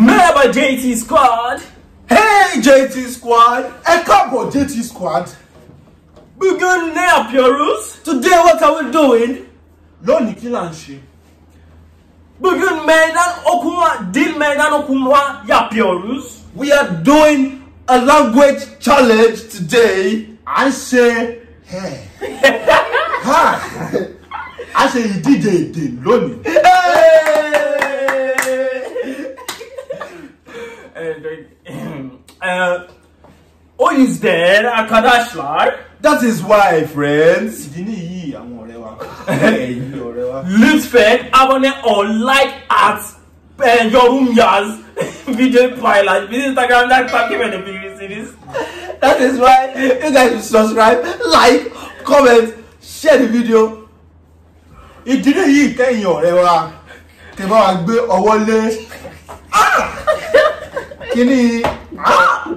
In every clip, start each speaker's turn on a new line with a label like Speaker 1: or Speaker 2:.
Speaker 1: Merhaba JT Squad. Hey JT Squad. Ẹ káàbọ̀ JT Squad. Bugün ne yapıyoruz? Today what are we doing? Lónìí kí Bugün meydan okuma, dil meydan okuma yapıyoruz. We are doing a language challenge today. I say hey. ẹ̀. À ń ṣe ìdíje èdè lónìí. is there at That is why, friends. Litfed, abone or like at uh, eh, Yorumya's video pilot. This Instagram like talking That is why you guys should subscribe, like, comment, share the video. Ìdílé yìí kẹ́yìn ọ̀rẹ́ wa tẹ́ bá wa gbé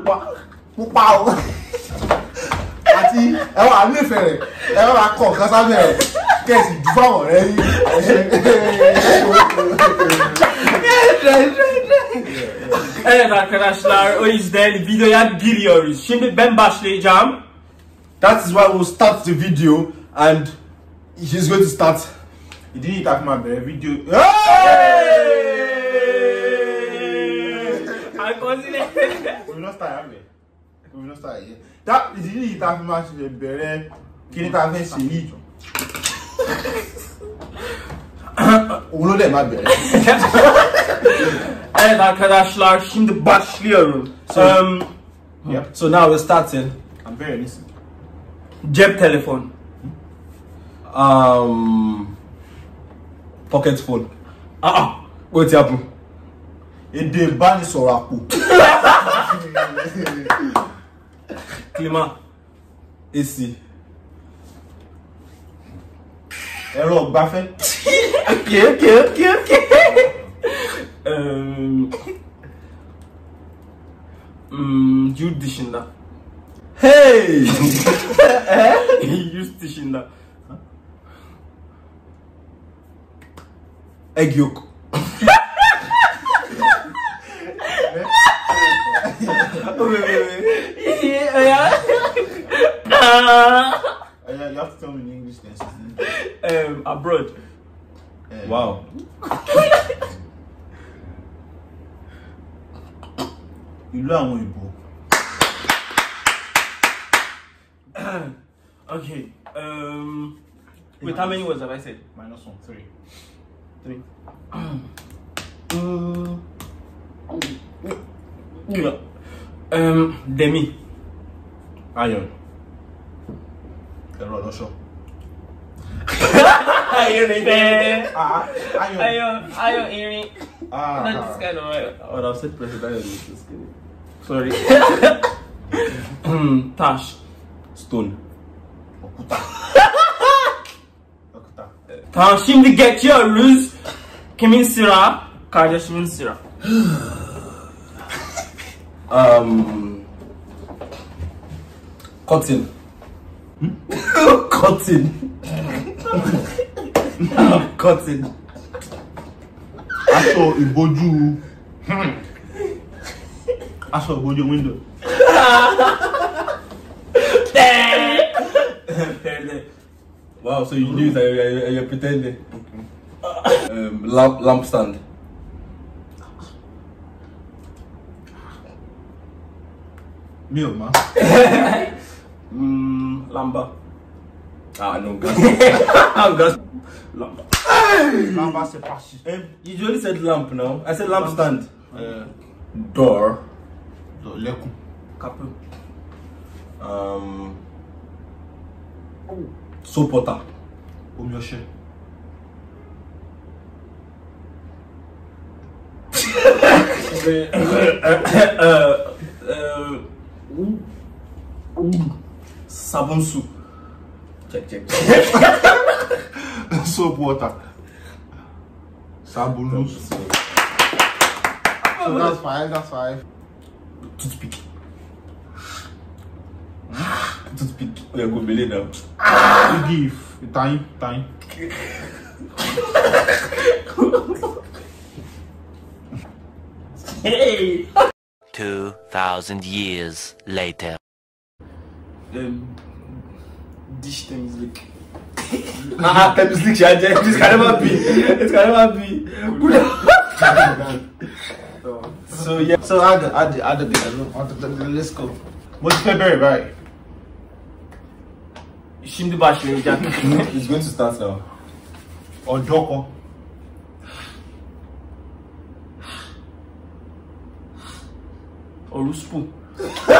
Speaker 1: ọwọ́ pupa o àti ẹwà àlefẹ rẹ ẹwà máa kọ nǹkan sábẹ́ rẹ kẹsì ju fáwọn rẹ yí. Evet arkadaşlar o yüzden videoya giriyoruz. Şimdi ben başlayacağım. That is why we'll start the video and she's going to start. He İdini takma be video. Hey! tá fi máa ṣe bẹ̀rẹ̀ kí ni tá fẹ́ ṣe yìí òun ló dẹ̀ máa bẹ̀rẹ̀. Evet arkadaşlar şimdi başlıyorum. So, um, hmm. yeah. so now we're starting. I'm very listening. Cep telephone. Hmm. Um, pocket phone. Ah, o ti abu. Èdè ìbánisọ̀rọ̀ àpò. Klima. Esi Erol eh, Bafet Ok, ok, ok Yul euh, hmm, Dishinda Hey! Yul Dishinda Eg yok Wait, wait, wait Erol Oh, yeah, you have to tell me in English then. Um, abroad. Um, wow. ìlú àwọn ìbò. okay. Um, wait, minus, how many words have I said? Minus one, three. Three. um, um, Demi. Iron. Ero, no sho Ayon Ayon Ayon Sorry Tash Ston Okuta um, Kotsil Koutin Koutin non, Aso i bojou Aso i bojou window Wow, so you knew it You pretended um, Lamp stand Lamp stand Lamp stand Ah nan, gasman Lamp Lampan sepasi You jowel said lamp nan, I said lamp stand Door Lekon Kapon So pota Om yoshe Ong Ong Sabon sou Check, check. soap water. Sabun loose. So oh, that's five, that's five. Toothpick. Hmm? Toothpick. We are going to now. Ah! You give. Time, time. hey! 2,000 years later. Um, diş temizlik. Aha temizlik ya. It's kind of a B. It's kind of a B. Bu ne? So yeah. So hadi hadi hadi bir let's go. Multiple berry right. Şimdi başlayacak. It's going to start now. doko. Odoko. Orospu.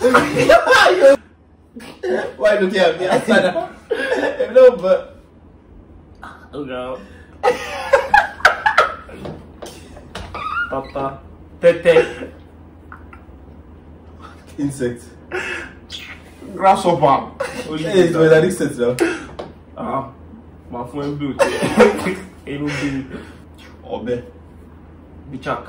Speaker 1: Mwenye anan? Mwenye anan? Mwenye anan? Mwenye anan? Mwenye anan? Tata Tetek Insek Grasopan E, mwenye anik set la Manfwen bivyo te E, mwenye anan? Obe Bichak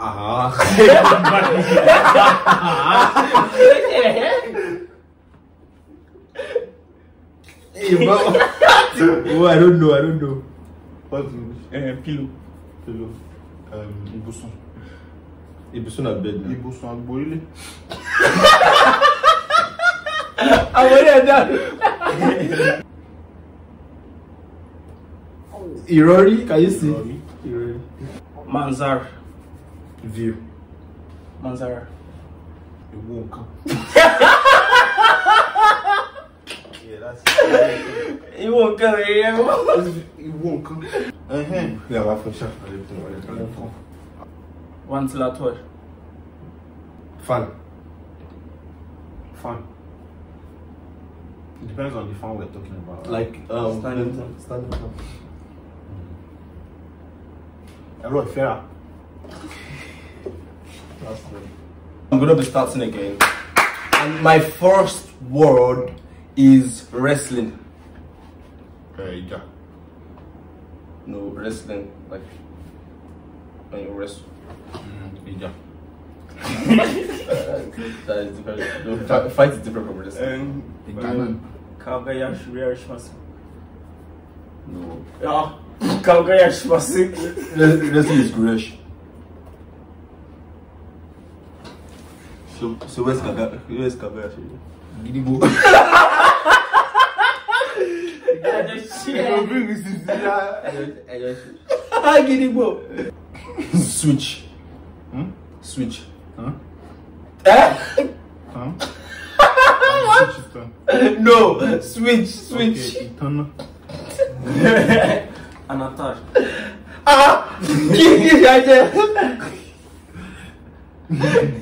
Speaker 1: A ah, ha? Ah. Eh, bon. Oh, anon nou anon nou eh, Pilo um, Ibuson Ibuson ap bed nan Ibuson ap borile Apo yon anon? Irori? Manzar Viu Manzara I won't come Yeah, that's it I won't come I won't come Ya, wafil chef Wantil atoy Fan Fan It depends on the fan we're talking about Like, er, stand-in fan Stand-in fan Erot ferat I'm gonna be starting again. And my first word is wrestling. Hey, yeah. No, wrestling. Like, when you wrestle. Mm, mm-hmm. yeah. that is different. No, fight is different from wrestling. Um, um, Kavga yarışması yarışması. No. Ya, kavga yarışması. Wrestling is güreş. Se wè se kagè afe? Gidibo Gidibo Gidibo Gidibo Switch Switch Haan? Haan? Switch is turn Switch An ataj Haan? Gidibo Gidibo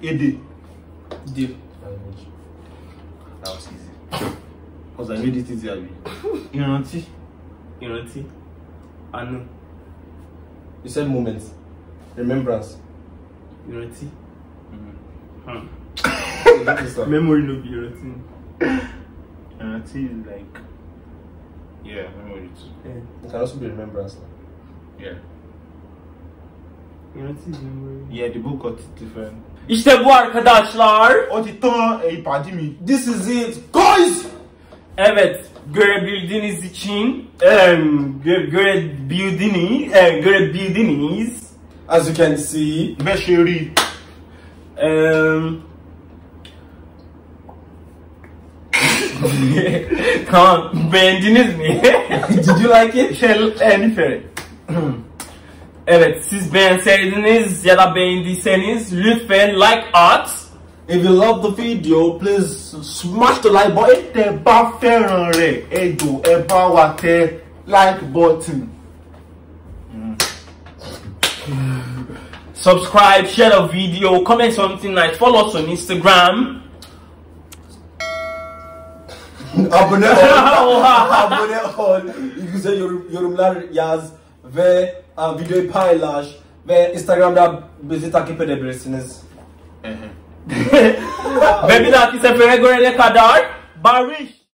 Speaker 1: A day. Deal. That was easy. Because I made it easy, know Ìrántí. I know. You said moment. Remembrance. Ìrántí. Mm. Mm-hmm. Huh. memory no be ìrántí. Ìrántí is like. Yeah, memory too. Yeah. It can also be remembrance. Yeah. Yeah, the book got different. İşte bu arkadaşlar. O ti tan This is it. Guys! Evet, görebildiğiniz için um, gö görebildiğiniz uh, görebildiğiniz as you can see ve şeri um, Kaan beğendiniz mi? Did you like it? Şel Eniferi. Şey. Evet siz beğenseydiniz ya da beğendiyseniz lütfen like at. If you love the video, please smash the like button. Ẹ bá fẹ́ràn rẹ̀, and jọ̀ọ́ ẹ like button. Subscribe, share the video, comment something nice, follow us on Instagram. abone ol. abone ol. Güzel yorum, yorumlar yaz ve videoyu paylaş ve Instagram'da bizi takip edebilirsiniz. Ve bir dahaki sefere görene kadar barış.